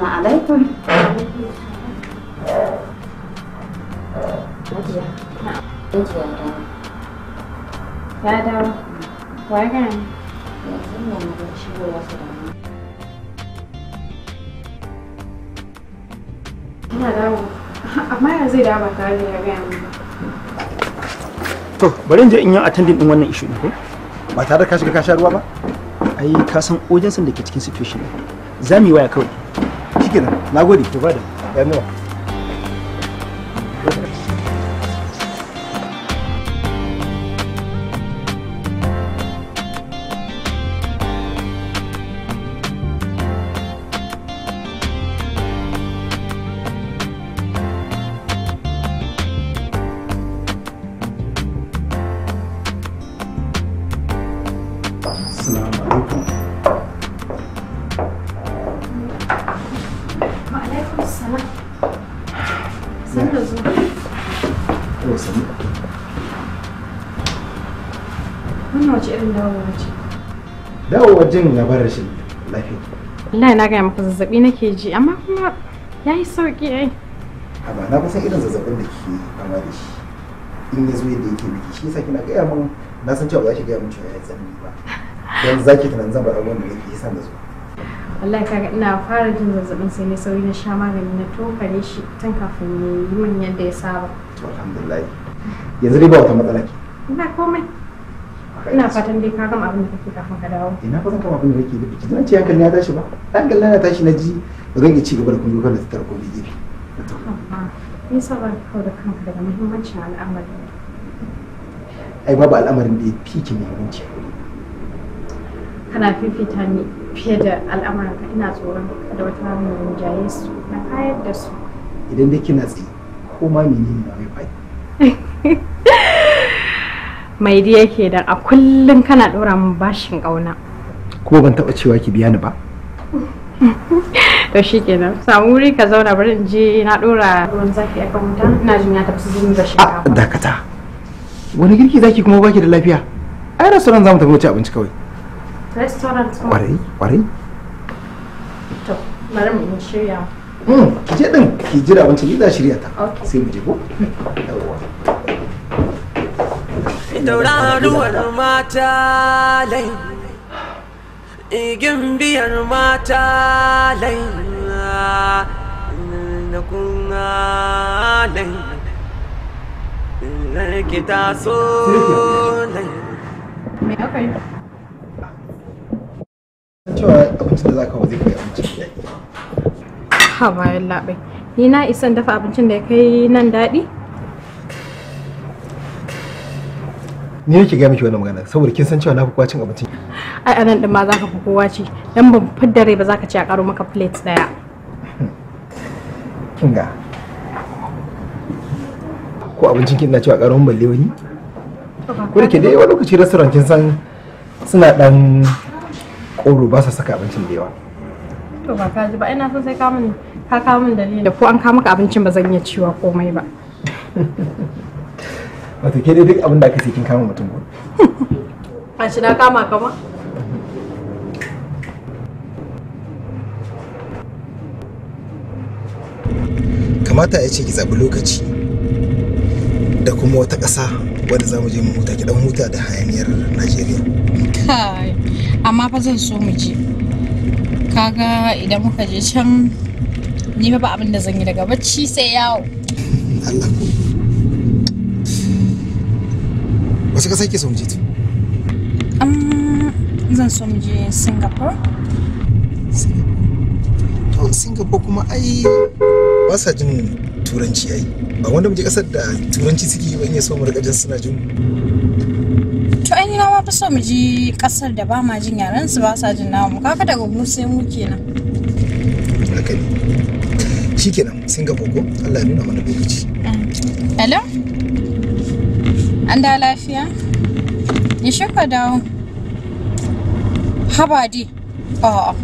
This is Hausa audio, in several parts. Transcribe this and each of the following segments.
Assalamu alaikum. Ya dawo. Wai gani? Yanzu Amma To, bari in je in yi attending din wannan issue ko? Ba tare da ka shiga ka sha ruwa ba? Ai, ka san ojensin da ke cikin situation. Za mu yi waya kawai. shikenan nagode to bada yanuwa jin labarar shi lafiya wallahi na gaya maka zazzabi nake ji amma kuma yayi sauki ai haba na kusan irin zazzabin da ke fama da shi in ya zo yadda yake miki shi yasa kina gaya min na san cewa ba za ki gaya min cewa yi tsanani ba dan zaki tunanin zan faɗa da yake yasa da zo wallahi kaga ina fara jin zazzabin sai ne sauri na sha magani na tokare shi tun kafin ya yi min yadda ya saba alhamdulillah yanzu dai ba wata matsala ke Ina komai ina fatan dai ka gama abin da kake kafin ka dawo ina ba zan gama abin da kake da biki zan ce hankali ya tashi ba hankali na tashi na ji ba zan ci gaba da kuma kan da tattara ko bige bi Ni yasa ba ka da kanka daga muhimmancin al'amarin ai babu al'amarin da ya fi ki muhimmanci kana fifita ni fiye da al'amarin ka ina tsoron da wata ranar jaye su na kayar da su idan da kina tsaye ko ma menene ba mai faɗi mai di yake da a kullum kana dora min bashin kauna ko ban taba cewa ki biya ni ba to shikenan samu wuri ka zauna bari in je na dora ruwan zafi a kan wuta ina jin ya tafi zuwa da ah, shinkafa dakata wani girki zaki kuma baki da lafiya ai restaurant zamu tafi wuce abinci kawai restaurant ko kwarai kwarai to bari mu shirya hmm, ki je din ki jira abinci ni za shirya ta sai mu je ko hmm. yawwa Tauraruwar mata lai Igin biyar mata lai Na kuna lai Larki taso lai Me aka yi? Cewa abincin da za ka kai abincin Ha bayan Ni na isan dafa abincin da ya kai nan daɗi? ni nake ga miki wannan magana saboda kin san cewa na fi kwacin abincin ai anan din ma zaka fi kowa ci dan ban fidda rai ba zaka ci a karo maka plate daya kinga ko abincin kin na cewa karo mun balle wani ko da ke dai wani lokaci restaurant kin san suna dan koro ba sa saka abincin da yawa to ba ka ji ba ina son sai ka min ka ka min dalili da ko an ka maka abincin ba zan iya ciwa komai ba wato ke dai duk abin da aka sai kin kama mutum ba. a shi na kama kama kamata ya ce ki zaɓi lokaci da kuma wata ƙasa wadda za mu je mu huta ki dan huta da hayaniyar Najeriya kai amma fa zan so mu je kaga idan muka je can ni ba abin da zan yi daga bacci sai yawo Allah wace ƙasa ke son jiti zan so je singapore to singapore kuma ai ba sa jin turanci ai ba wanda mu kasar da turanci suke yi ba in ya so mu suna jin to ai na ma fi so mu je kasar da ba ma jin yaran su ba sa jin namu kaga daga mu sai mu kenan haka ne shikenan singapore ko Allah ya nuna mana lokaci hello an da lafiya ya shaka dawo habadi a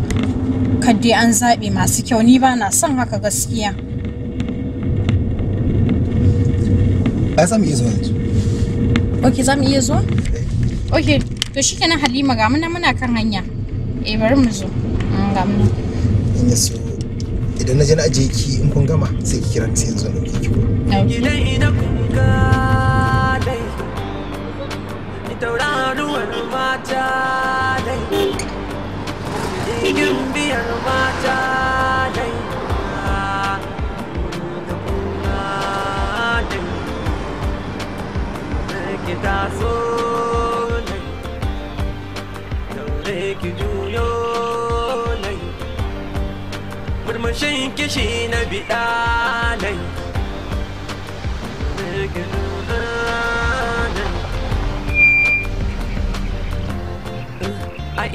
kaddai an zaɓe masu kyau ni ba na son haka gaskiya ai za mu iya zuwa yanzu ok za mu iya zuwa eh. ok to shi kenan halima ga muna muna kan hanya eh bari mu zo mm, ga muna in so idan na je na ajiye ki in kun gama sai ki kira ni sai yanzu na ki ki gidan idan kun ga mata biyar mata dai Kita so ki kishi na biɗa nai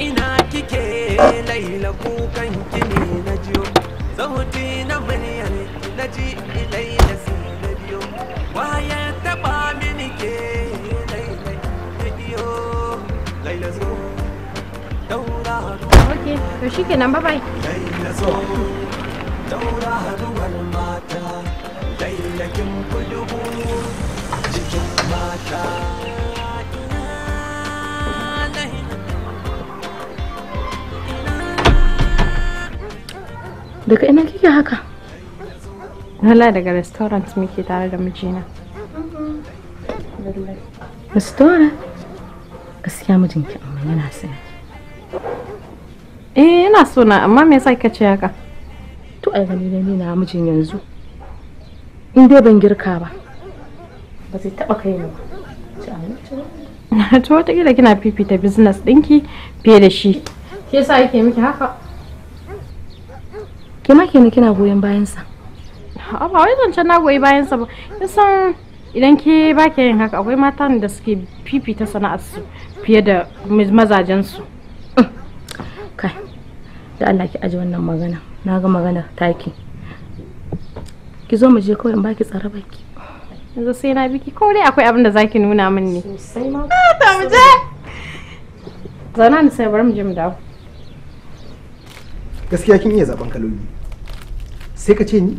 ina kike laila kukan kine na jiyo sauti na muryar na ji laila su na biyo waya taba mini ke laila bidiyo laila zo daura ok to shikenan bye bye laila zo daura haduwar mata laila kin kudu jikin mata daga ina kike haka wala daga restaurant muke tare da mijina restaurant gaskiya ki amma yana son eh yana so na amma me yasa kika ce haka to ai gani ne ni na mijin yanzu in dai ban girka ba ba zai taba kai ni ba to wataƙila kina fifita business ɗinki fiye da shi Ke yasa yake miki haka ke ma kenan kina goyon bayan sa a ba wai zancen na goyi bayan sa ba san idan ke ba ke yin haka akwai matan da suke fifita sana'ar su fiye da mazajen su mm. kai da Allah ki aji wannan magana na ga magana taki ki zo mu je kawai in baki tsara baki yanzu sai na biki ko dai akwai abin da zaki nuna min ne sosai ma ah, ta mu je zauna ni sai bari mu je mu dawo gaskiya kin iya zaben kaloli sai ka ce ni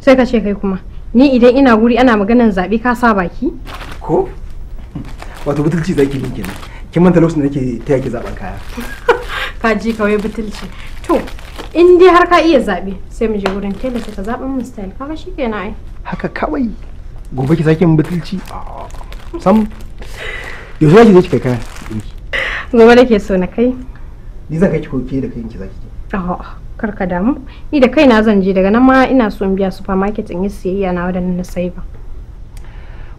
sai ka ce kai kuma ni idan ina guri ana maganan zaɓi ka sa baki ko wato butulci zaki ne kenan kin manta lokacin da nake taya ki zaben kaya ka ji kawai butulci to in dai har ka iya zaɓe sai mu je wurin tela sai ka zaɓen min style kaga shi kenan ai haka kawai gobe ki sake min butulci sam yanzu zaki je ki kai kaya gobe nake so na kai ni zan kai ki koke da kai ki zaki a'a karka damu ni da kaina zan je daga nan ma ina so in biya supermarket in yi siyayya na wadannan na sai ba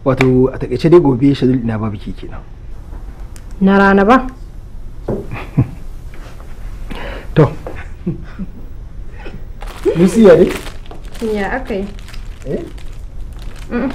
wato a takaice dai gobe shadul ina ba biki kenan na rana ba to siya ne? Ya akai Eh? Mm.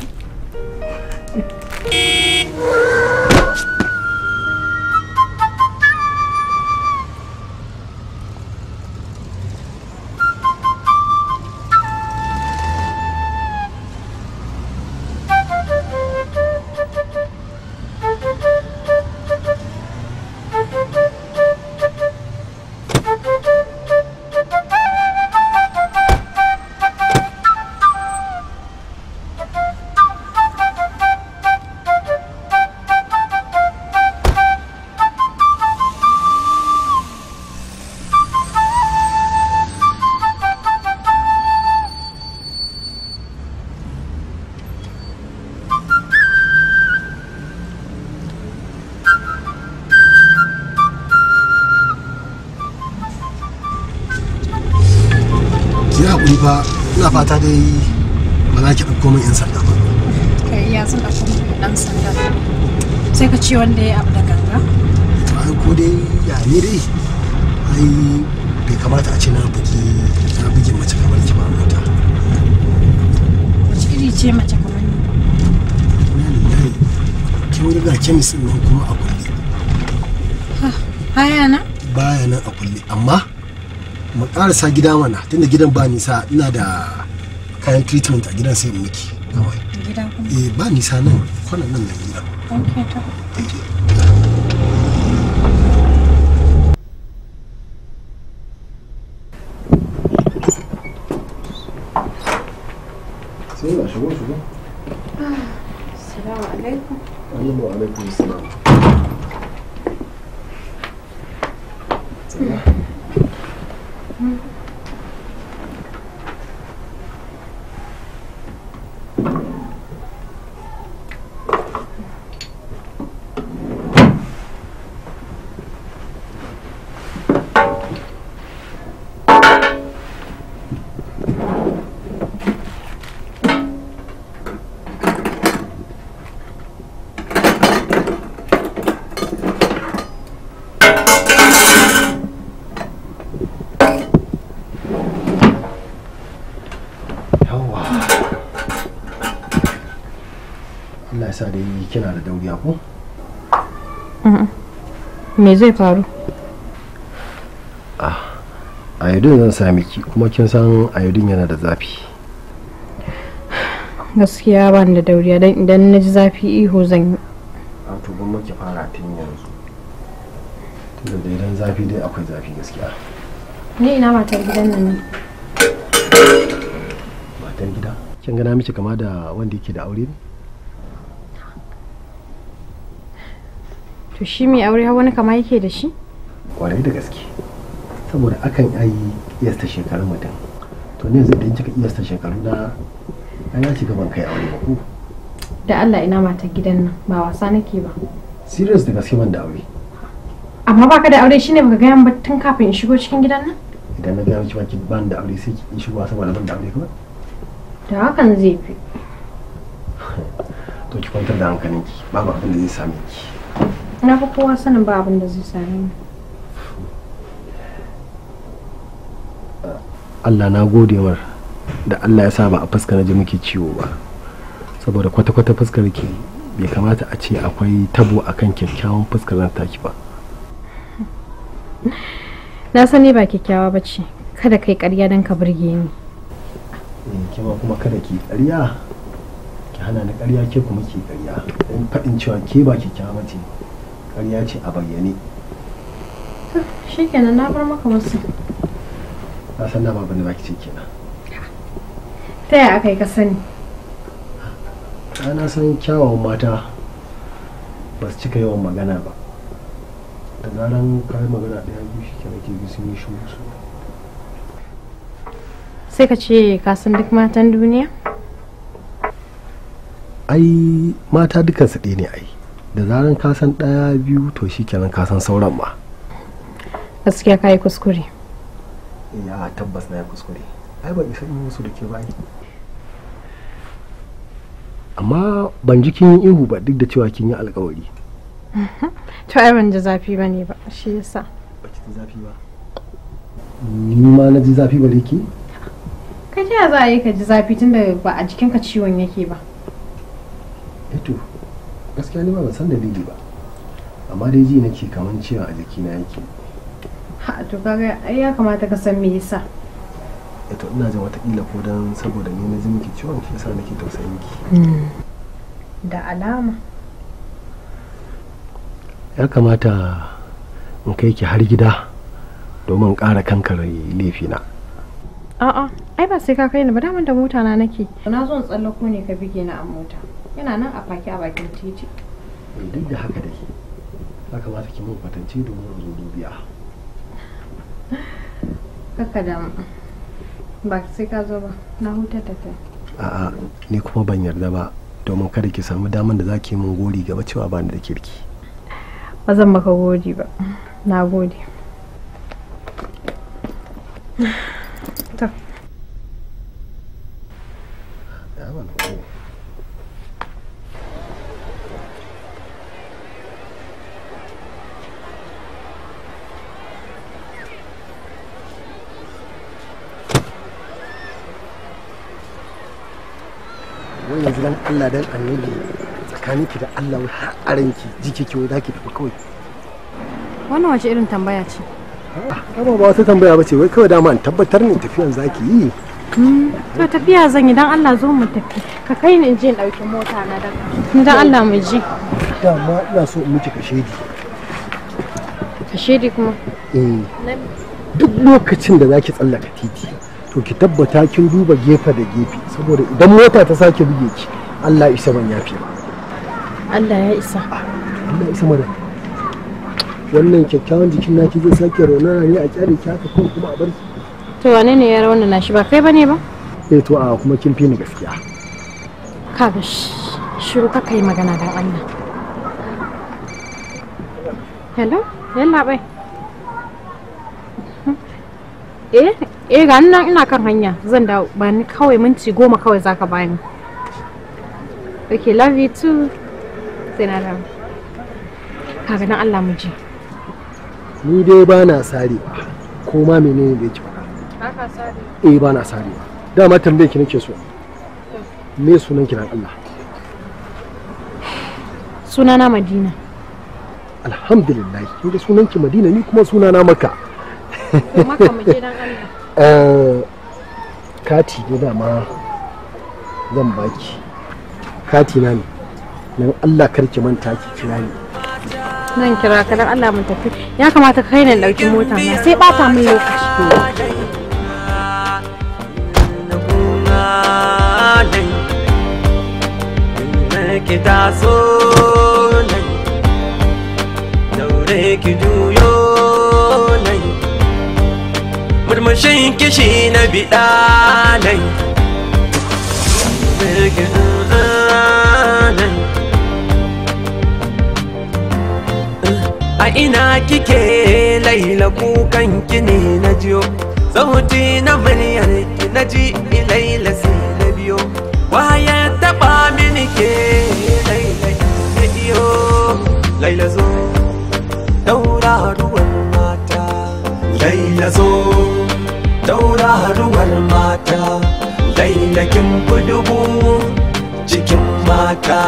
fata dai ba za ki ɗauko min 'yan sanda ba. Kai ya sun ɗauko min ɗan sanda. Sai ka ce wanda ya abu da ganga? Ai ko dai ya ni dai ai bai kamata a ce na bugi na bugi mace kamar ki ba mota. Wace iri ce mace kamar ni? ki kin ga kemis ɗin nan kuma a kulle. Baya nan? Baya nan a kulle amma mu ƙarasa gida mana tunda gidan ba nisa ina da kayan treatment a gidan sai miki kawai gida kuma eh ba nisa nan kwanan nan na gida okay to da yi kina da dauriya ko? Mm-hmm. Me zai faru? Ah, ayodin zan sami ki kuma kin san ayodin yana da zafi. Gaskiya ba da dauriya don idan na ji zafi iho zan yi. A ah, to ban maki fara tun yanzu. Tunda da idan zafi dai akwai zafi gaskiya. Ni ina matar gidan nan ne. Matar gida? Kin gana miki kama da wanda yake da aure ne? to shi mai aure hawa na kama yake da shi kwarai da gaske saboda akan yi iyasta shekarun mutum to ne zai dan kika iyasta shekaru na an ya shiga ban kai aure ba ko da Allah ina mata gidan nan ba wasa nake ba serious da gaske wanda da aure amma baka da aure shine baka gaya ba tun kafin in shigo cikin gidan nan idan na gaya cewa ki ban da aure sai ki shigo saboda ban da aure kuma da hakan zai fi to ki kwantar da hankalinki babu abin da zai same ki na fi kowa sanin ba abin da zai same ni Allah na gode mar da Allah ya sa ba a fuska na ji muke ciwo ba saboda kwata-kwata fuskar ki bai kamata a ce akwai tabo akan kyakkyawan fuskar nan taki ba na ne ba kyakkyawa ba ce kada kai karya don ka burge ni eh, kima kuma kada ki karya ki hana ni karya ke kuma ki karya in faɗin cewa ke ba kyakkyawa ba ce ƙarya ce a bayyane kenan na bar maka wasu na san na babu da zaki ce kenan ta yaya aka yi ka sani na san kyawawan mata ba su cika yawan magana ba da zaran ka magana ɗaya biyu shi kenan ke sun yi shi su sai ka ce ka san duk matan duniya ai mata dukansu ɗaya ne ai da zaran ka san ɗaya biyu to shi kenan ka san sauran ma gaskiya ka yi kuskure ya tabbas na yi kuskure ai ban isa in musu da ke ba amma ban ji kin ihu ba duk da cewa kin yi alkawari to ai ban ji zafi ba ne ba shi yasa ba ki ji zafi ba ni ma na ji zafi ba da ke ka ji za a yi ka ji zafi tunda ba a jikinka ciwon yake ba eto eh gaskiya ni ba ban san dalili ba amma dai ji nake kaman cewa a jikina yake ha to kaga ai ya kamata ka san me yasa eh to ina jin watakila ko dan saboda ni na ji miki ciwon shi yasa nake tausayin ki hmm. da alama ya kamata in kai ki har gida domin ƙara kankare laifina a'a ai ba sai ka kai ni ba daman da mota na nake na zo in tsallako ne ka bige ni a mota yana nan a faki a bakin titi eh, duk da haka dai ya kamata ki mun kwatance domin zo dubiya kaka da ba sai ka zo ba na huta ta kai a'a ni kuma ban yarda ba domin kada ki samu daman da zaki mun gori gaba cewa ba ni da kirki ba zan maka gori ba na gode na dan annabi ki da Allah har aranki jike ki wai zaki tafi kawai wannan wace irin tambaya ce ba ah, ba wata tambaya ba ce wai kawai dama an tabbatar ne tafiyan zaki yi hmm, to tafiya zan yi dan Allah zo mu tafi ka kai ni in je in dauki mota na da dan Allah mu ji dama ina so in miki kashedi kashedi kuma eh duk lokacin da zaki tsallaka titi to ki tabbata kin duba gefe da gefe saboda idan mota ta sake buge ki Allah isa ban yafi ba Allah ya isa ah, Allah isa mana wannan kyakkyawan jikin naki zai sake raunana ne a kyare ki haka ko kuma a bar ki to wane ne ya rauna na shi ba kai bane ba eh to a kuma kin fi ni gaskiya ka ga shiru ka kai magana dan Allah hello yalla bai eh eh ga nan ina kan hanya zan dawo ba ni kawai minti goma kawai zaka bani okay love you too sai na kaga nan Allah mu ji ni dai ba na sare ko ma menene da yake faɗa sare eh ba na sare dama tambayar ki nake so me sunan ki dan Allah sunana Madina alhamdulillah kin ga sunan ki Madina ni kuma sunana Makka Makka mu dan Allah eh kati ne dama zan baki kati na ne don Allah karki manta ki kira ni nan kira ka dan Allah mun tafi ya kamata ka kai ni dauki mota ma sai bata mun lokaci ki taso nan daure ki juyo nan murmushin kishi na biɗa nan a ina kike laila kukan kini na jiyo sauti na muryar ki na ji ilaila sai na biyo waya taba mini ke laila na iyo laila zo daura ruwan mata laila zo daura ruwan mata laila kin fi cikin mata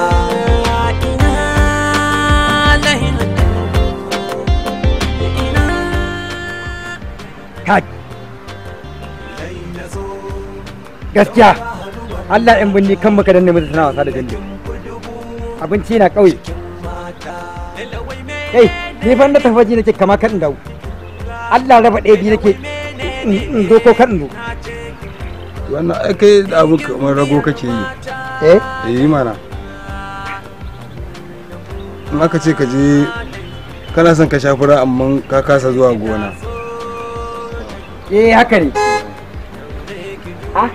gaskiya Allah in bunni kan muka danne mutu tana wasa da jalle abinci na kauye kai ni fa na tafaji nake kama kan dawo Allah raba ɗaya biyu nake in zo ko kan dawo wannan ai kai abu kamar rago kake yi eh eh mana in aka ce ka je kana son ka shafura amma ka kasa zuwa gona eh haka ne ah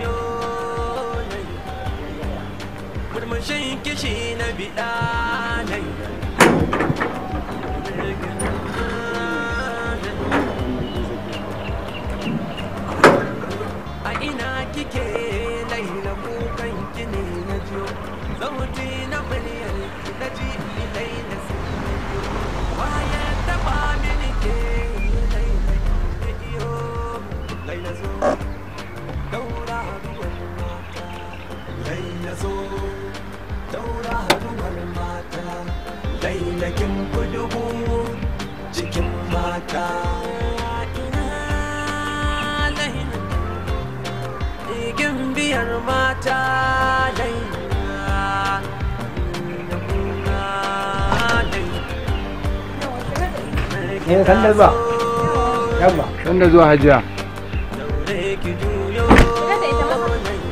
da zuwa hajiya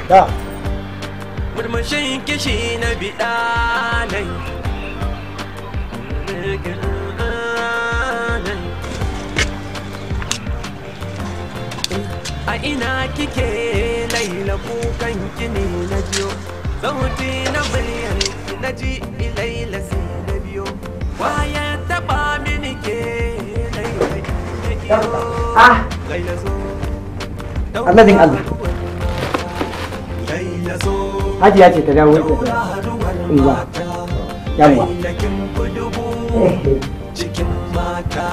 da murmushin kishi na biɗa nai a ina kike laila kukan kini na biyo sauti na miliyan na ji ilaila sai na biyo waya taɓa mini ke laila ah Allah zin Allah hajiya ta da yawa yawa cikin mata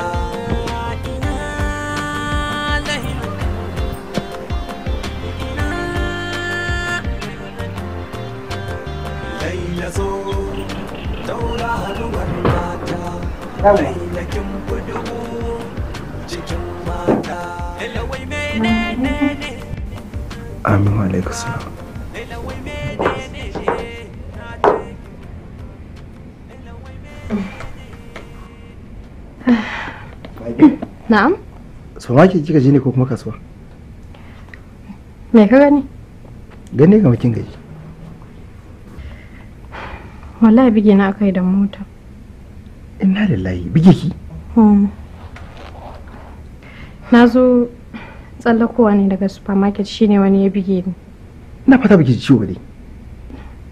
zo daura cikin mata Amin alaikun salam. Na'am? Supermarket kika je ne ko kuma kasuwa? Me ka gani? Gani ga makin gaji. Wallahi bige na kai da mota. Inna lillahi bige ki? Hmm. na zo tsallakowa ne daga supermarket shine wani ya bige ni na fata baki ji ciwo dai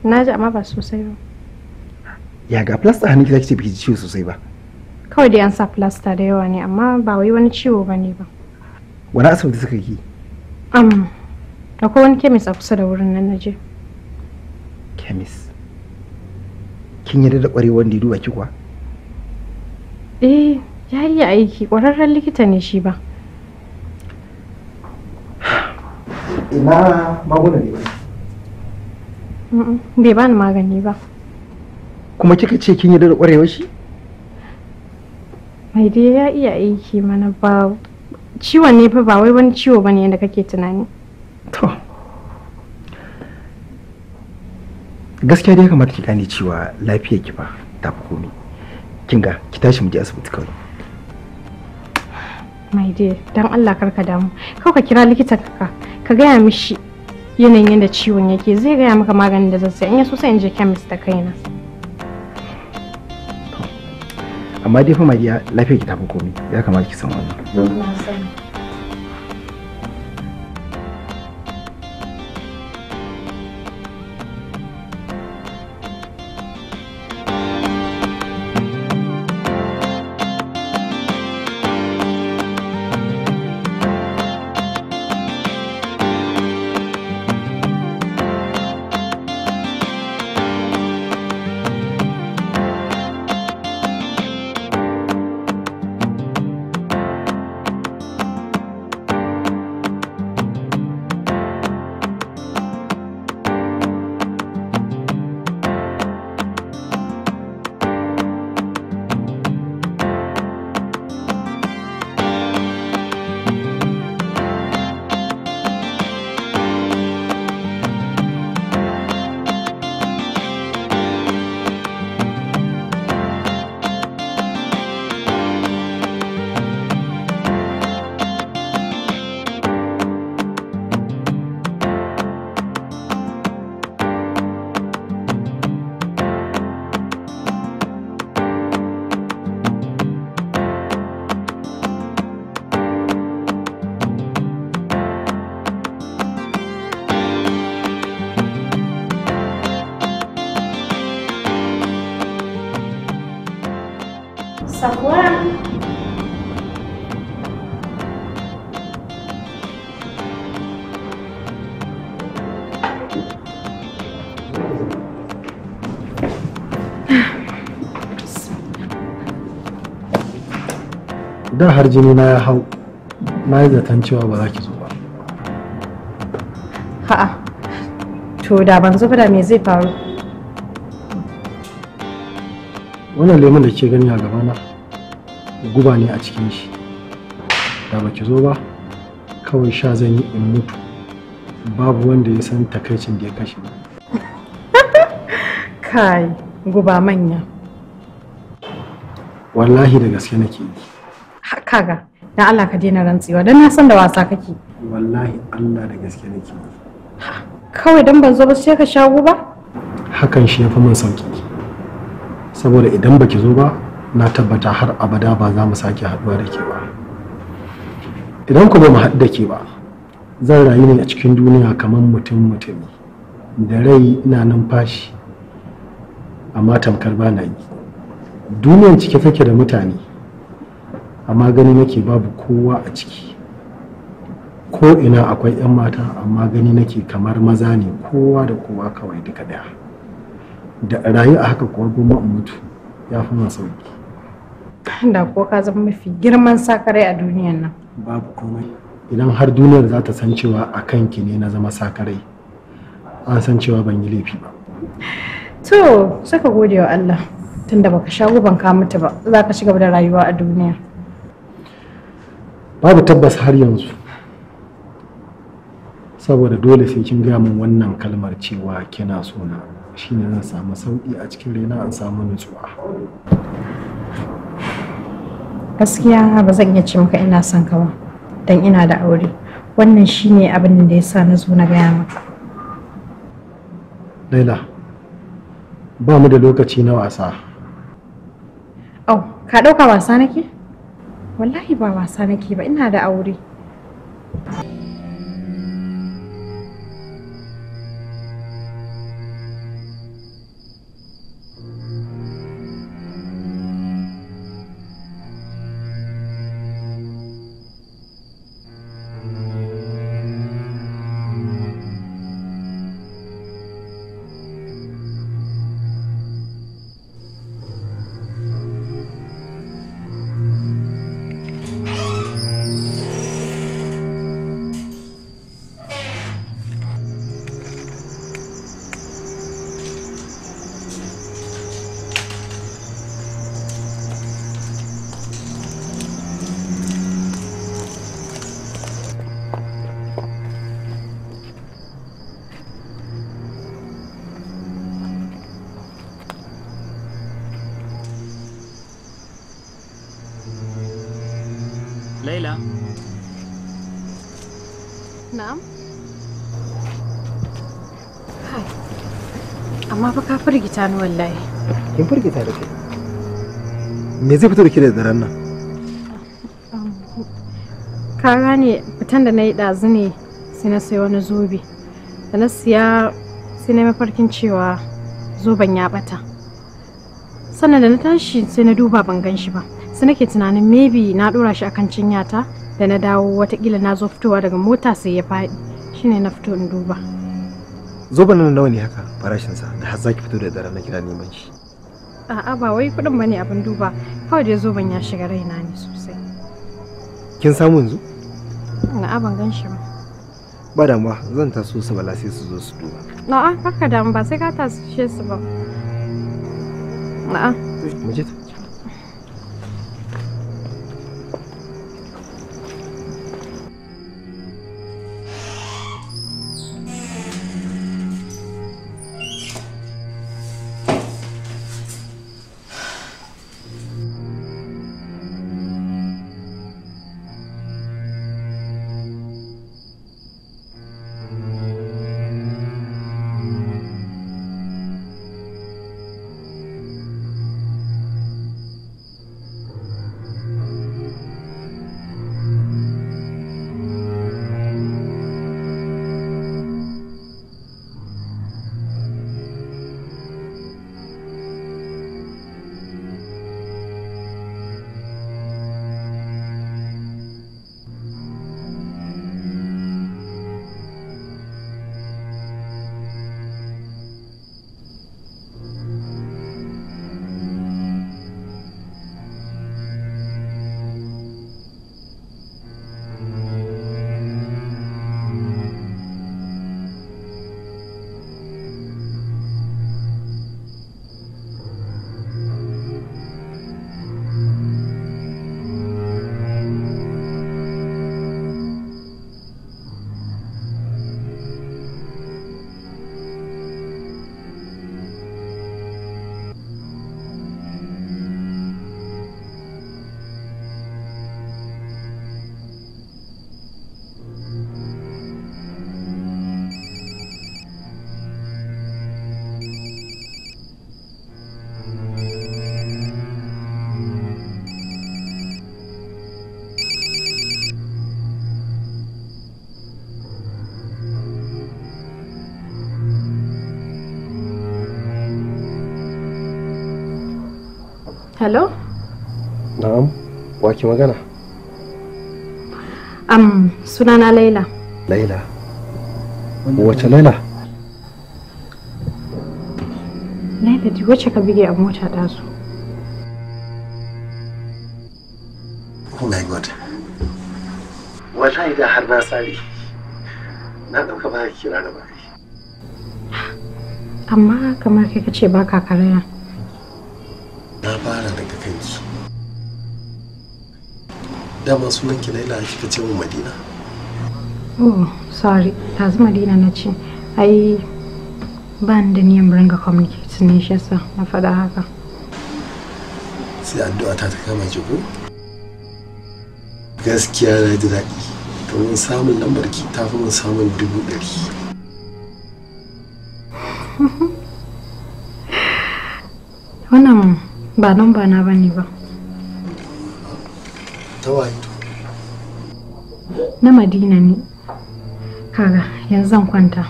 na ji amma ba sosai ba ya ga plasta hannun ki zaki ce baki ji ciwo sosai ba kawai dai an sa plasta da yawa ne amma ba wai wani ciwo ba ne ba wani asibiti suka yi am da ko wani kemis a kusa da wurin nan naje kemis kin yarda da kwarewar da ya duba ki kuwa eh ya iya aiki kwararren likita ne shi ba ina maguna ne ba bai bani magani ba kuma kika ce kin yi da kwarewar shi mai dai ya iya aiki mana ba ciwon ne fa ba wai wani ciwo bane yadda kake tunani to gaskiya dai kamar ki gane cewa lafiyar ki ba ta fi komi kin ga ki tashi mu je asibiti kawai mai dai dan Allah karka damu kawai ka kira likitan ka ka gaya mishi yanayin yadda ciwon yake zai gaya maka maganin da zan in ya so sai in je chemist da kaina amma dai fa madiya lafiya ki tafi komai ya kamata ki san wannan da har jini na ya hau na yi zaton cewa ba za ki zo ba ha'a to da ban zo da me zai faru wannan lemon da ke gani a gabana guba ne a cikin shi da ba ki zo ba kawai sha zan yi in mutu babu wanda ya san takaicin da ya kashe kai guba manya wallahi da gaske nake yi haka ga dan Allah ka daina rantsewa dan na san da wasa kake wallahi Allah da gaske nake yi kawai dan ban zo ba sai ka shago ba hakan shi yafi min sauki saboda idan baki zo ba na tabbata har abada ba za mu sake haduwa da ke ba idan ku ba mu haɗu da ke ba zan rayu ne a cikin duniya kamar mutum mutumi da rai ina numfashi amma tamkar ba na yi duniyan cike take da mutane amma gani nake babu kowa a ciki ko ina akwai 'yan mata amma gani nake kamar maza ne kowa da kowa kawai duka daya da rayu a haka kuwa goma in mutu ya fi masu sauki da kuwa ka zama mafi girman sakarai a duniyan nan babu komai idan har duniyar za ta san cewa a kanki ne na zama sakarai an san cewa ban yi laifi ba To, saka ka gode wa Allah tunda baka sha guban ka mutu ba, za ka shiga da rayuwa a duniya. Babu tabbas har yanzu. Saboda dole sai kin gaya min wannan kalmar cewa kina sona shine zan samu sauki a cikin raina an samu nutsuwa. Gaskiya ba zan iya ce maka ina son ka ba, don ina da aure. Wannan shine abin da yasa sa na zo na gaya maka. Laila, ba mu da lokaci na wasa au oh, ka ɗauka wasa nake wallahi ba wasa nake ba ina da aure firgita ni wallahi kin firgita da kai me zai fito da ke da daren nan ka gane fitan da na yi ɗazu ne sai na sayi wani zobe da na siya sai na mafarkin cewa zoben ya ɓata sannan da na tashi sai na duba ban gan shi ba sai nake tunanin maybe na ɗora shi akan cinyata da na dawo watakila na zo fitowa daga mota sai ya faɗi shine na fito in duba zoben nan nawa ne haka farashinsa da har zaki fito da dare na kira neman shi a'a ba wai kuɗin bane abin duba kawai dai zoben ya shiga raina ne sosai kin samu yanzu na'a ban gan shi ba ba damuwa zan taso su bala sai su zo su duba na'a haka damu ba sai ka shi su ba na'a mu je ta Hello? Na'am, wake magana? Am, sunana Laila. Laila? Wace Laila? Laila di wacce ka bige a mota su. Oh my God. Wallahi da har na sare. Na ɗauka ba kira da bari. Amma kamar kai ka ce ba ka karaya. dama sunan ki laila kika ce mu madina oh sorry yanzu madina na ce ai ba ni da niyan ringa communicate ne shi yasa na faɗa haka sai addu'a ta ta kama ki ko gaskiya na ji daɗi domin samun lambar ki ta fi mun samun dubu ɗari wannan ba nan ba na bane ba ta na madina ne kaga yanzu zan kwanta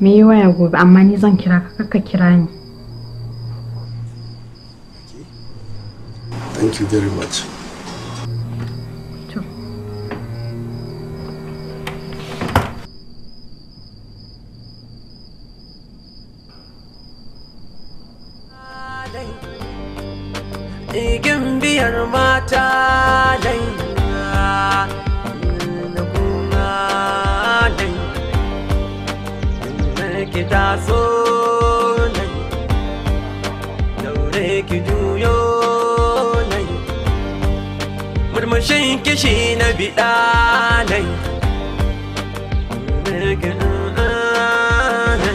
me yi waya gobe amma ni zan kira ka kaka kira ni thank you very much ki taso nan daure ki juyo nan murmushin kishi na biɗa nan ah,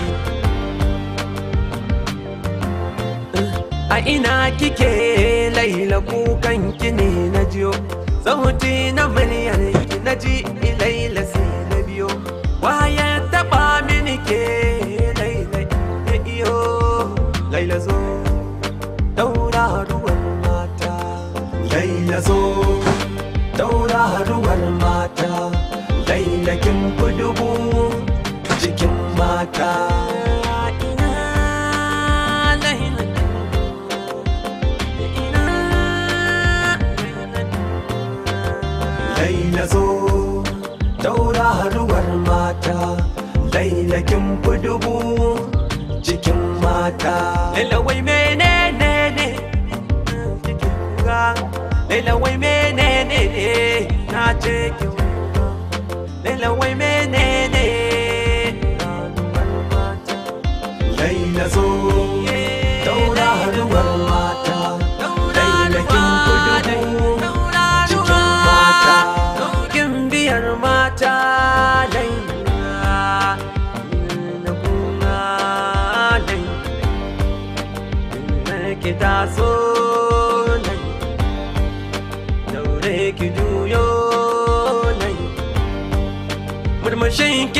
ah, a ina kike laila kukan ki ne na jiyo zahuti na muryar ki na ji ilaila sai na biyo waya taba mini ke ya zo daura haruwar mata lailakin kudubu jikin mata Laila zo daura haruwar mata lailakin kudubu jikin mata Laila mene take you.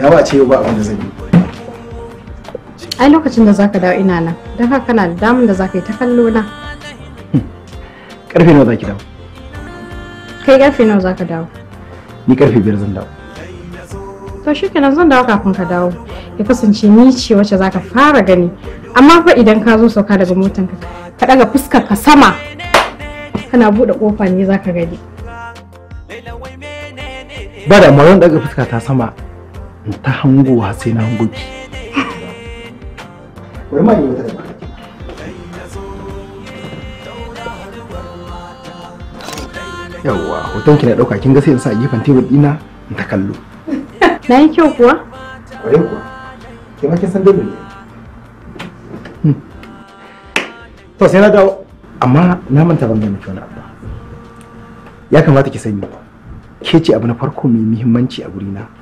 ina ba ce yau ba abin da zan yi ai lokacin da zaka dawo ina nan don haka kana da damun da zaka yi ta kallo na karfe nawa zaki dawo kai karfe nawa zaka dawo ni karfe biyar zan dawo to shi kenan zan dawo kafin ka dawo ya kasance ni ce wacce zaka fara gani amma fa idan ka zo sauka daga motanka ka daga fuskar ka sama kana buɗe ƙofa ne zaka gani ba da maron daga fuska ta sama ta wa sai na hango ki bari ma wata da yawwa hoton ki na dauka kin ga sai in sa gefen tebur dina in ta kallo na yi kyau kuwa kware kuwa ke ma kin san dole ne hmm. to sai na dawo amma na manta ban gane kyau na abba ya kamata ki sani ke ce abu na farko mai muhimmanci a gurina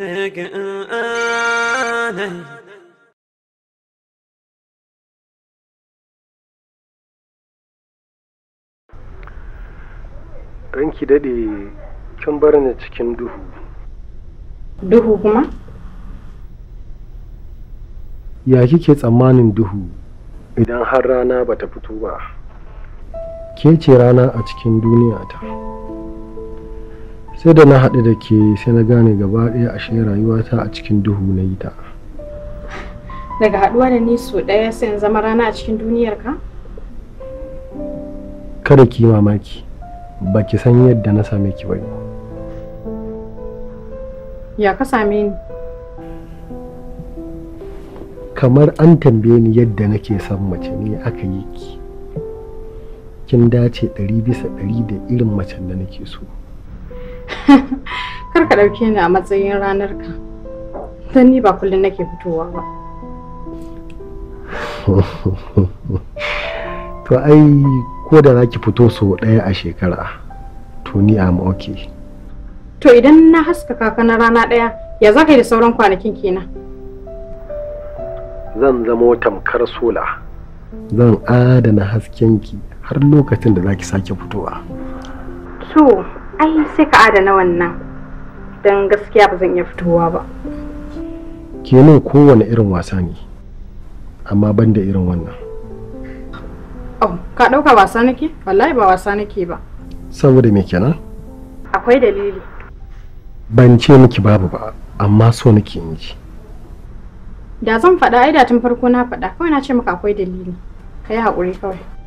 ranki daɗe kin bar ni cikin duhu duhu kuma ya kike tsammanin duhu idan har rana bata fito ba ke ce rana a cikin duniya ta sai da na haɗu da ke sai na gane gaba ɗaya a shi rayuwata a cikin duhu na yi ta daga haɗuwa da ni so ɗaya sai in zama rana a cikin duniyar ka kada ki mamaki ba ki san yadda na same ki bai ya ka same ni kamar an tambaye ni yadda nake son mace ne aka yi ki kin dace ɗari bisa ɗari da irin macen da nake so kar ka ɗauke ni a matsayin ranar ka don ni ba kullum nake fitowa ba to ai ko da za ki fito so ɗaya a shekara to ni am okay to idan na haskaka ka na rana ɗaya ya za ka yi da sauran kwanakin kenan zan zama tamkar sola zan adana haskenki har lokacin da za ki sake fitowa to ai sai ka adana wannan don gaskiya ba zan iya fitowa ba kenan kowane irin wasa ne amma ban da irin wannan oh ka ɗauka wasa nake wallahi ba wasa nake ba saboda me kenan akwai dalili ban ce miki babu ba amma so nake in ji da zan faɗa ai da tun farko na faɗa kawai na ce maka akwai dalili ka yi haƙuri kawai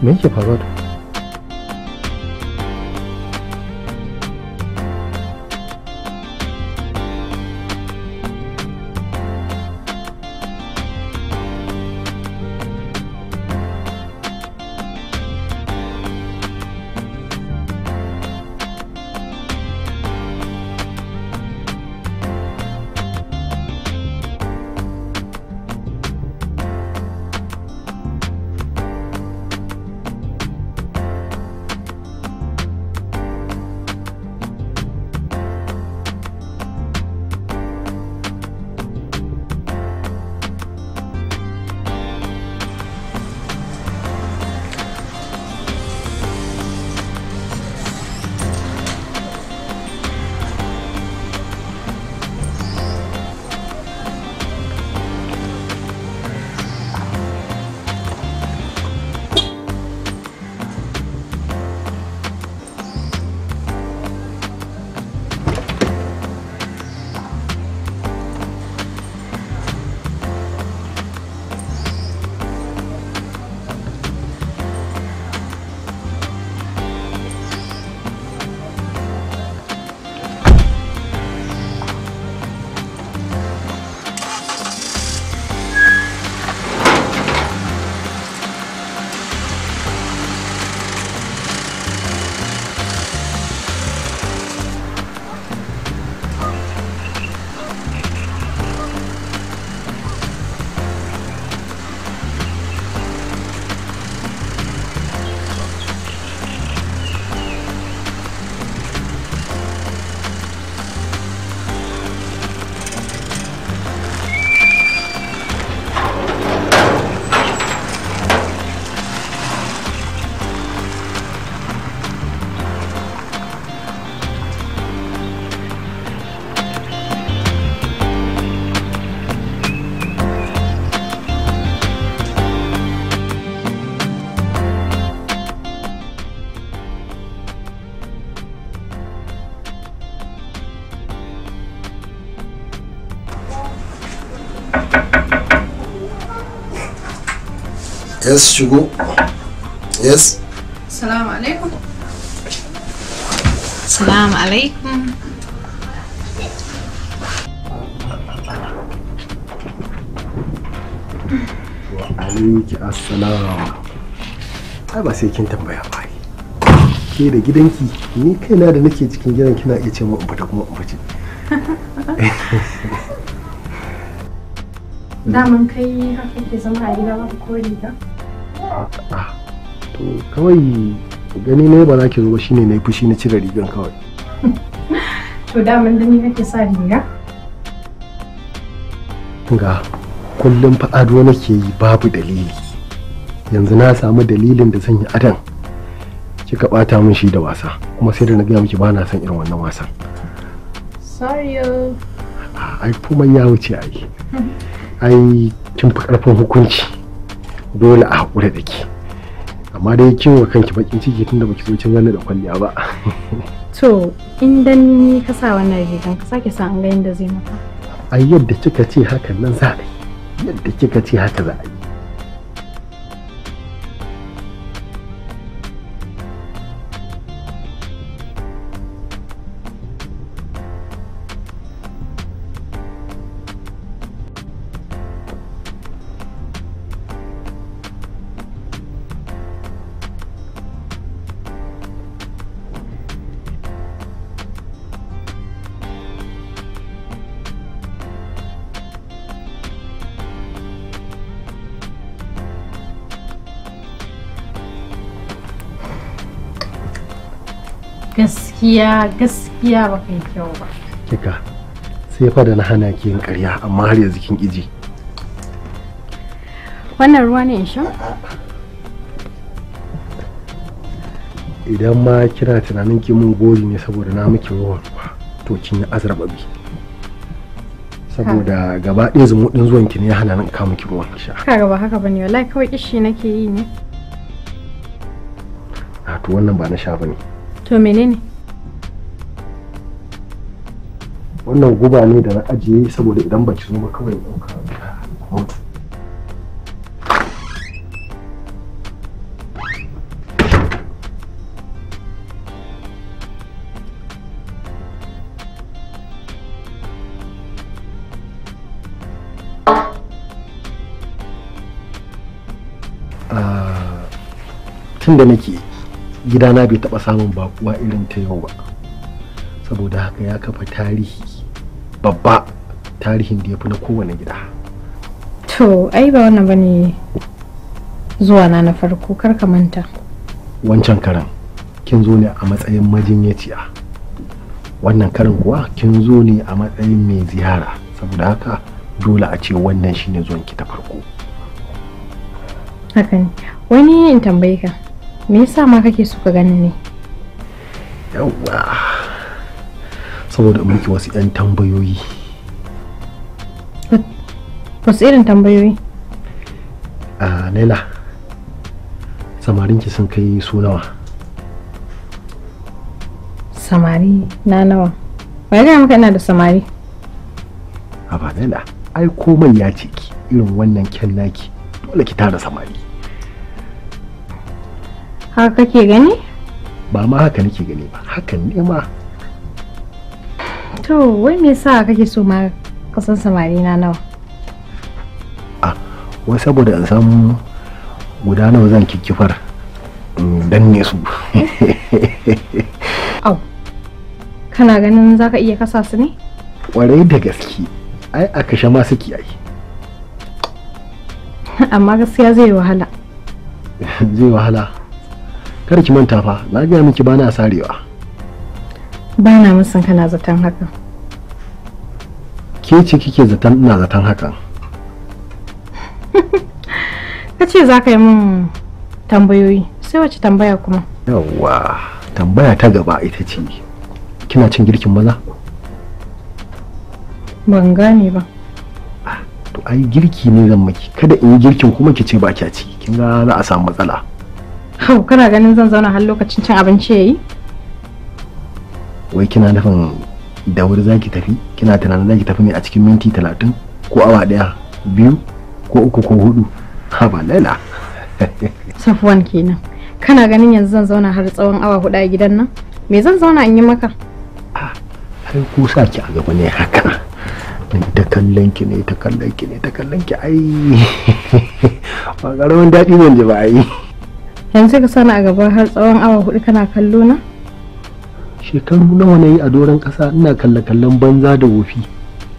没写跑告的。za su yes salamu alaikum salamu alaikum wa alaiki assalam ai ba sai kin tambaya ba ke da gidanki ni kaina da nake cikin gidan kina iya ce mun fita kuma in fice daman kai haka ke zama a gida ba ko riga kawai gani ne ba za ki zo ba shine na yi fushi na cire rigan kawai to daman dani nake sa riga ga kullum fa ado nake yi babu dalili yanzu na samu dalilin da zan yi adan kika bata min shi da wasa kuma sai da na gaya miki ba na son irin wannan wasan sorry ai kuma ya wuce ai ai kin fa karfin hukunci dole a hakura da ke amma dai kin wa kanki bakin ciki tunda baki zo cin ganin da kwalliya ba to in ni ka sa wannan rigan ka sake sa an ga yanda zai maka ai yadda kika ce hakan nan za a yadda kika ce haka za a yi gaskiya gaskiya ba kai kyau ba kika sai fa da na hana ki yin ƙarya amma har yanzu kin kiji wannan ruwa ne in sha idan ma kina tunanin ki mun gori ne saboda na miki ruwan to kin yi bi saboda gaba ɗaya zumuɗin zuwan ki ne ya hana nan ka miki ruwan ki sha ka gaba haka bane wallahi kawai kishi nake yi ne a ah, to wannan ba na sha bane to menene wannan guba ne da na ajiye saboda idan baki zo ba kawai kuka mutu ah, tun da nake gidana bai taɓa samun bakuwa irin ta yau ba saboda haka ya kafa tarihi babba tarihin da ya fi na kowane gida to ai ba wannan bane zuwa na na farko kar manta wancan karan kin zo ne a matsayin majinyaciya wannan karin kuwa kin zo ne a matsayin mai ziyara saboda haka dole a ce wannan shine zuwan ki ta farko hakan wani yin tambayi ka me yasa ma kake suka gani ne yawwa saboda in miki wasu 'yan tambayoyi wasu irin tambayoyi a ah, laila samarinki sun kai su nawa samari na nawa Wai gaya maka ina da samari a ba laila ai komai ya ce ki irin wannan kyan naki dole ki tara samari haka kake gani ba ma haka nake gani ba hakan ne ma to wai me yasa kake so ma kasan samari na nawa ah wai saboda in san guda nawa zan kikkifar dan ne su au kana ganin zaka iya kasa su ne kwarai da gaske ai a kashe ma suke ai amma gaskiya zai wahala zai wahala Kar ki manta fa na gaya miki bana sarewa bana musun kana zaton hakan ke ce kike zaton ina zaton hakan ka ce za ka yi min tambayoyi sai wace tambaya kuma yawwa tambaya ta gaba ita ce kina cin girkin maza ban gane ba ah, to ai girki ne zan maki kada in yi girkin kuma ki ce ba kya ci kin ga za a samu matsala hau kana ganin zan zauna har lokacin cin abinci yayi wai kina nufin da wuri za ki tafi kina tunanin za ki tafi ne a cikin minti talatin ko awa daya biyu ko uku ko hudu ha ba laila safwan kenan kana ganin yanzu zan zauna har tsawon awa hudu a gidan nan me zan zauna in yi maka ah, ai ko sa ki a gaba ne haka ta kallon ki ne ta kallon ki ne ta kallon ki ai ba karamin daɗi ne ji ba ai yanzu ka sani a gaba har tsawon awa hudu kana kallo na shekaru nawa na yi a doron ƙasa ina kalle-kallen banza da wofi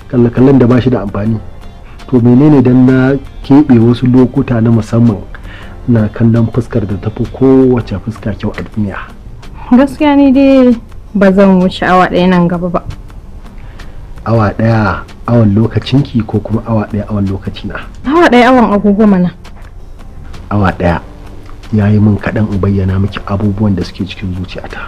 kalle-kallen da ba shi da amfani to menene dan na keɓe wasu lokuta na musamman na kallon fuskar da tafi kowace fuska kyau a duniya gaskiya ni dai ba zan wuce awa ɗaya nan gaba ba awa ɗaya awan lokacinki ko kuma awa ɗaya awan lokacina awa ɗaya awan agogo mana awa ɗaya ya yi min kaɗan in bayyana miki abubuwan da suke cikin zuciyata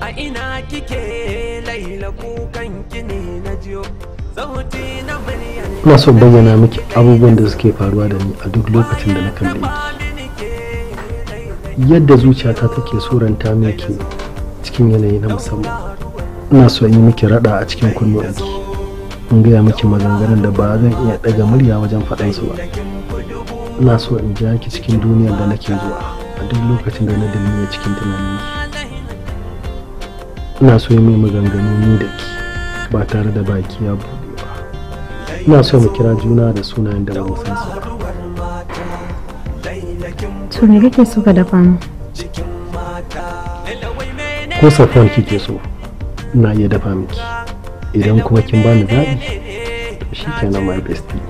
a ina kike laila kukan kine na jiyo sauti so bayyana miki abubuwan da suke faruwa da ni a duk lokacin da na kalle ki yadda zuciyata take suranta miki cikin yanayi na musamman ina so in yi miki raɗa a cikin kunnuwanki in gaya miki maganganun da ba zan iya ɗaga murya wajen faɗansu ba ina so in ja ki cikin duniyar da nake zuwa a duk lokacin da na dalilin cikin tunaninki ina so yi mai maganganu ni da ki ba tare da baki ya buɗe ba ina so mu kira juna da sunayen da ba san su to me kake so ka dafa mu ko safon kike so ina iya dafa miki idan kuma kin bani zaɓi to kenan my bestie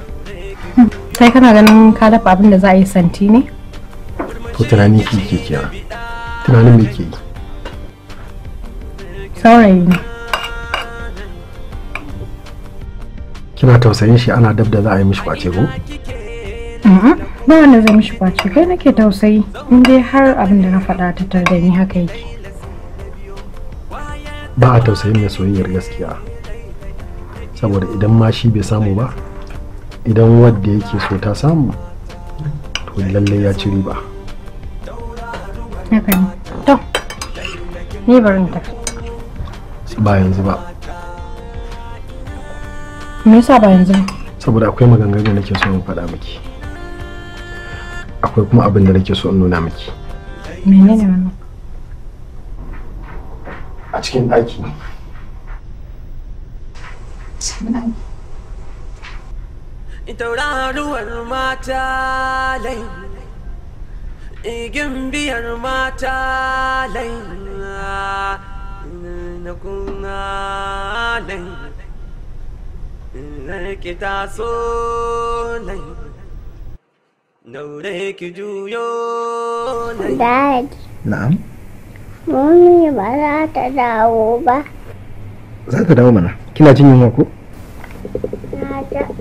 Sai kana ganin ka dafa abin da za a yi santi ne to tunani ki ke kira tunanin me ke yi saurayi ne kina tausayin shi ana dab da za a yi mishi kwace ko ba wanda zai mishi kwace kai nake tausayi in dai har abin da na faɗa ta da ni haka yake ba a tausayin mai soyayyar gaskiya saboda idan ma shi bai samu ba idan wadda yake so ta samu to lalle ya ci riba to ni bari ta ba yanzu ba me yasa ba yanzu saboda akwai maganganun da nake so in faɗa miki akwai kuma abin da nake so in nuna miki menene wannan a cikin ɗaki tauraruwar mata lai igin biyar mata lai na kuna lai taso lai ki juyo lai Dad Na'am Mummy ba za ta dawo ba Za ta dawo mana kina jin yunwa ko?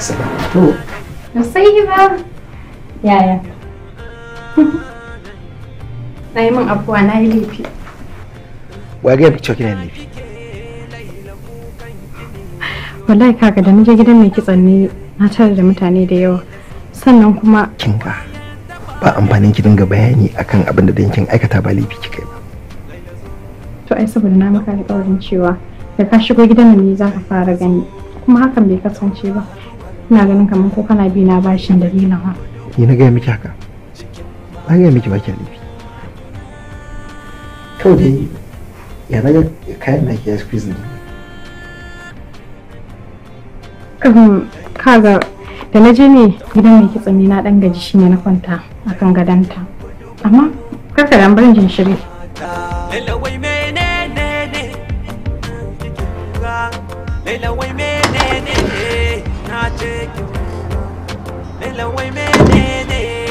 salam. To. Sai ba. Yaya? Na yi min abuwa na yi laifi. Wa ga yafi cewa kina laifi? Wallahi kaga da naje gidan mai kitsan ne na tare da mutane da yawa. Sannan kuma kin ba amfanin ki dinga bayani akan abin da dinkin aikata ba laifi kika ba. To ai saboda na maka alƙawarin cewa da ka shigo gidan ne za ka fara gani kuma hakan bai kasance ba. ina ganin kamar ko kana bi na bashin dalilin ha ni na gaya miki haka ai ga miki baki ne kawai dai ya daga kayan na ke squeeze ne kaga da na je ne gidan mai ne na dan gaji shine na kwanta akan gadanta amma kaka da barin jin shiri ne ne ce ki lallawai menene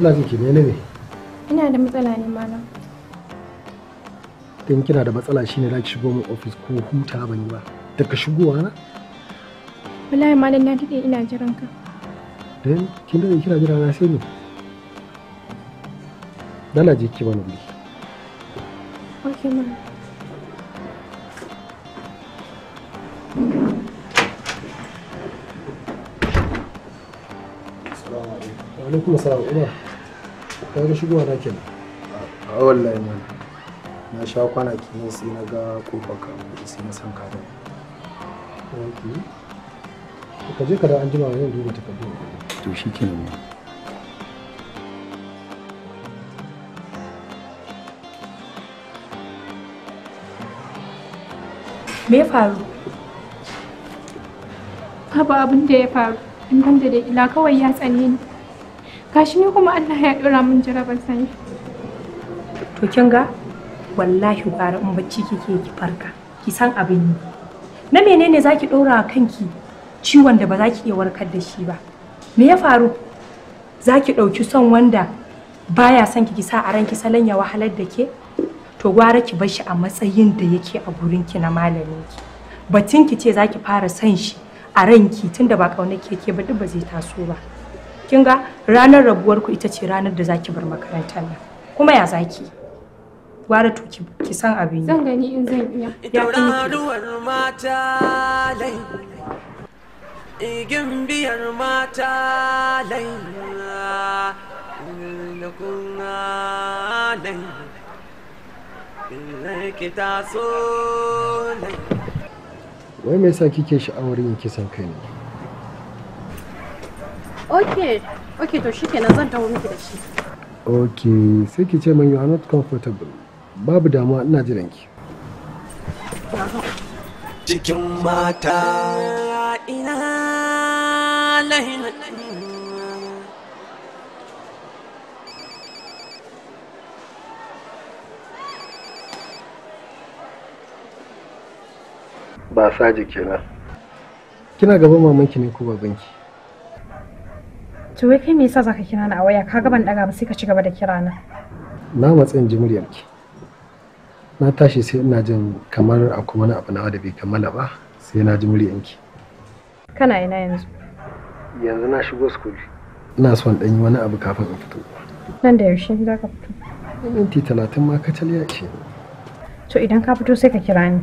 ina ne ne menene ina da matsala ne malam in kina da matsala shine za ki shigo min ofis ko huta ban yi ba daga shigowa na wallahi malam na dade ina jiran ka dan kin da kira jira na sai ni dala je ki bani guri okay malam Assalamu alaikum. Wa alaikum assalam. ka ga shigowa na kenan a wallahi mana na sha kwana ne sai na ga kofar ka sai na san ka da ka je ka da an jima yau duba takardu to shi kenan me ya faru babu abin da ya faru in banda da ila kawai ya tsane ni gashi kuma Allah ya dora min jarabar sanyi to kin ga wallahi gara in bacci kike ki farka ki san abin ne na menene zaki dora kanki ciwon da ba za ki iya warkar da shi ba me ya faru za ki ɗauki son wanda baya son ki sa a ranki salon ya wahalar da ke to gwara ki bar shi a matsayin da yake a gurinki na malamin ki batun ki ce za ki fara son shi a ranki tunda ba ƙaunar ke ke ba duk ba zai taso ba kin ga ranar rabuwar ku ita ce ranar da zaki bar makarantar nan kuma ya zaki gwara to ki san abin zan gani in zan iya ya ruwar mata lai igin biyar mata lai na lai Wai me yasa kike sha'awar yin kisan kai ne? ok ok to shikenan zan dawo miki da shi ok sai ki ce min you are not comfortable babu damuwa ina jiran ki cikin mata ina lahirin ba saji kenan kina gaban mamanki ne ko babanki to wai kai me yasa zaka kira ni a waya kaga ban daga ba sai ka ci gaba da kira na na matsayin ji muryarki na tashi sai ina jin kamar akwai wani abu nawa da bai kammala ba sai na ji muryarki kana ina yanzu yanzu na shigo school ina son dan yi wani abu kafin in fito nan da yaushe zaka fito minti talatin ma kacal ya ce to idan ka fito sai ka kira ni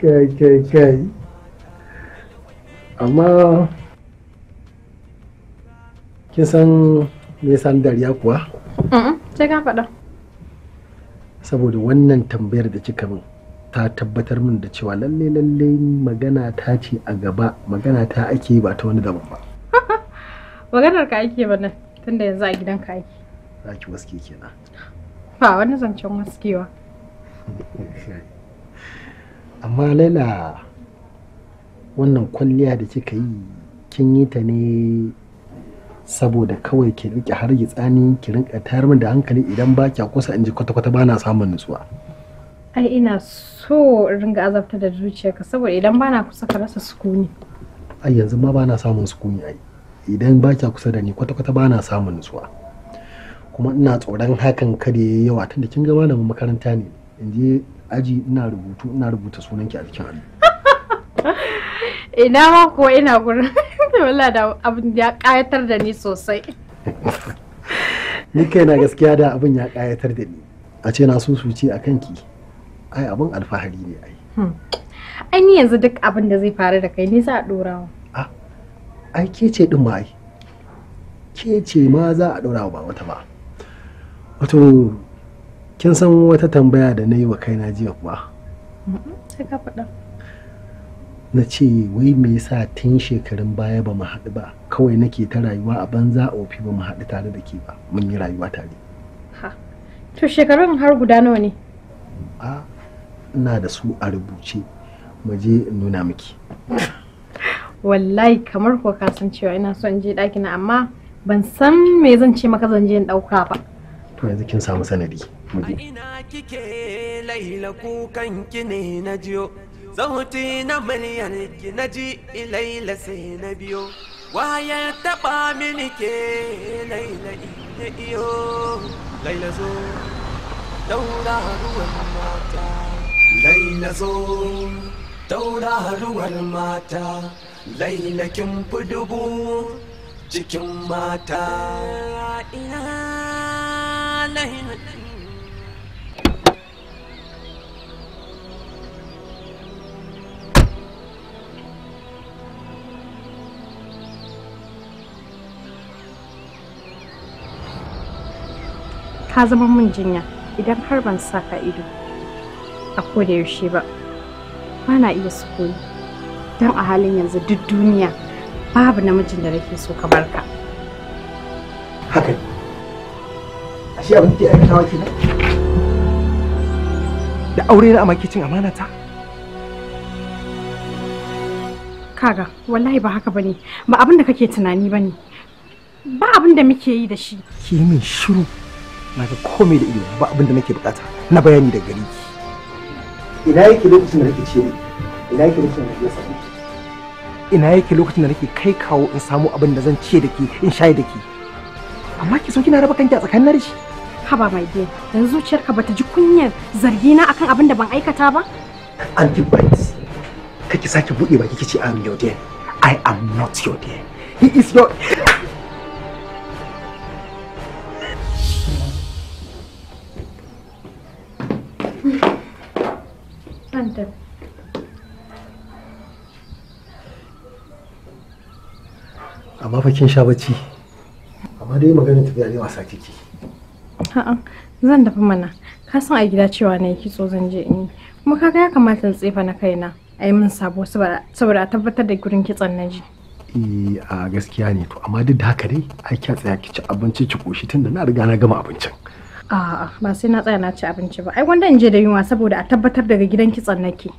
kai kai kai amma kin san me san dariya kuwa? sai ka faɗa saboda wannan tambayar da kika min ta tabbatar min da cewa lalle lalle magana ta ce a gaba magana ta ake ba ta wani daban ba maganar ka ake ba nan Tunda yanzu a gidan ka ake. Za ki waske kenan. Ba wani zancen waskewa. Amma Laila wannan kwalliya da kika yi kin yi ta ne saboda kawai ki rike har tsani ki rinka tayar min da hankali idan ba kya kusa in ji kwata-kwata ba na samun nutsuwa. Ai ina so in ringa azabta da zuciyarka saboda idan ba na kusa ka rasa sukuni. Ai yanzu ma ba na samun sukuni ai. idan ba kya kusa da ni kwata-kwata ba na samun nutsuwa kuma ina tsoron hakan kada ya yawa tunda kin ga malamin makaranta ne in je aji ina rubutu ina rubuta sunanki a jikin allo ina ma ko ina gurin wala da abin ya kayatar da ni sosai ni na gaskiya da abin ya kayatar da ni a ce na so suce a kanki ai abin alfahari ne ai hmm. ai ni yanzu duk abin da zai faru da kai ni za a dorawa ai ke ce din ma ai ke ce ma za a ɗora ba wata ba wato kin san wata tambaya da na yi wa kaina jiya kuwa sai na ce wai me yasa tun shekarun baya ba mu haɗu ba kawai nake ta rayuwa a banza ofi ba mu haɗu tare da ke ba mun yi rayuwa tare to shekarun har guda nawa ne a ina da su a rubuce mu in nuna miki wallahi kamar kuwa ka san cewa ina so in je ɗakin amma ban san me zan ce maka zan je in ɗauka ba to yanzu kin samu sanadi a ina kike laila kukan ki ne na jiyo zauti na miliyan ki na ji ilaila sai na biyo waya taɓa mini ke laila iya iyo laila zo daura ruwan mata laila zo daura ruwan mata lailakin fudubu cikin mata ka zama mun jinya idan har ban saka ido a koda yaushe ba ba na iya sukuni don a halin yanzu duk duniya babu namijin da nake so kamar ka haka ashe abin da aikatawa kenan da aure na amaki cin amana ta kaga wallahi ba haka bane ba abin da kake tunani bane ba abin da muke yi da shi ki min shiru na ga komai da ido ba abin da nake bukata na bayani da gari ki ina yake lokacin da nake ce ina yake lokacin da nake sani ina yake lokacin da nake kai kawo in samu abin da zan ce da ke in shaye da ke amma ki so kina raba kanki a tsakanin na shi haba mai dear dan zuciyarka bata ji kunyar zargi na akan abin da ban aikata ba anti bites kake sake bude baki kici i am your dear i am not your dear he is your Thank you. amma fa kin sha bacci amma dai maganin tafiya ne wasa kike a'a zan tafi mana ka san a gida cewa na yi kitso zan je in yi kuma kaga ya kamata in tsefa na kaina a yi min sabo saboda a tabbatar da gurin kitson na ji eh, a gaskiya ne to amma duk da haka dai ai kya tsaya ki ci abinci ki koshi tun da na riga na gama abincin a'a ba sai na tsaya na ci abinci ba ai wanda in je da yunwa saboda a tabbatar daga gidan kitson nake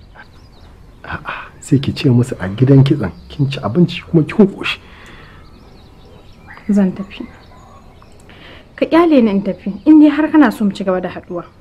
a'a sai ki ce musu a gidan kitson kin ci abinci kuma kin koshi zan tafi ka kyale ni in tafi in har kana so mu ci gaba da haduwa